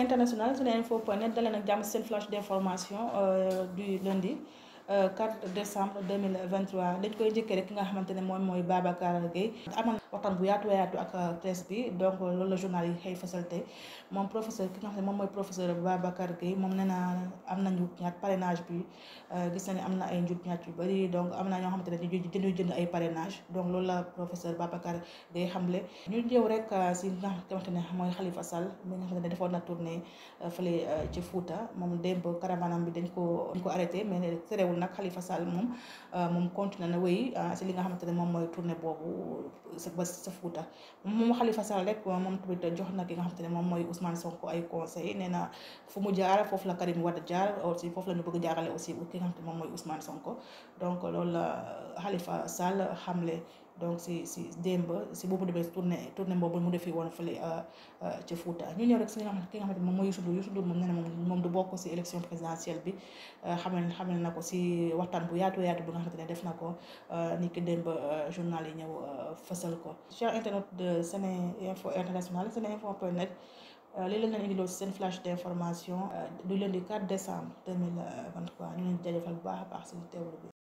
international sunu info point net dalee nag jàmm seen flash d'information euh, du lundi. 4 euh, décembre 2023 dañ koy njëkkee rek ki nga xamante ne moom mooy Babacar Gueye amal waxtaan bu yaatu yaatu ak euh, presse bi donc euh, loolu la journal moom professeur ki nga xam ne moom mooy professeur Babacar Gueye moom nee am na njub ñaat parrainage bi gis na ne am na ay njub ñaat yu bëri donc am na ñoo xamante ne dañuy dañuy jënd ay parrainage donc loolu la professeur Babacar Gueye xamle ñu ñëw rek si nga xamante ne mooy Khalifa Sall mi nga xamante ne defoon na tournée fële ci Fouta moom démb caravanam bi dañ ko dañ ko arrêté mais terewul loolu nag Khalifa Sall moom euh, moom continué na wéy si euh, li nga xamante ne moom mooy tournée boobu sa ba sa Fuuta moom Khalifa Sall rek euh, moom tamit jox na ki nga xamante ne moom mooy Ousmane Sonko ay conseil nee na fu mu jaar foofu la Karim Wade jaar aussi foofu la ñu bëgg jaarale aussi ki nga xamante ne moom mooy Ousmane Sonko donc loolu la Khalifa Sall xamle. donc si si démb si boobu demee tournée tournée boobu mu defi woon fële euh, euh, ca Fouta ñu ñëw rek si nga xam xamante moom mooy Youssou Ndour Youssou Ndour moom nee na moom du bokk si élection présidentielle bi euh, xamal xamal na ko si waxtaan bu yaatu yaatu bu nga xamante ne def na ko ni ki démb journal yi ñëw fësal ko. cher internet de Sene Info International Sene Info point net lii leen indiloon si seen flash d' information du lundi 4 décembre 2023 ñu leen di jaajëfal bu a baax si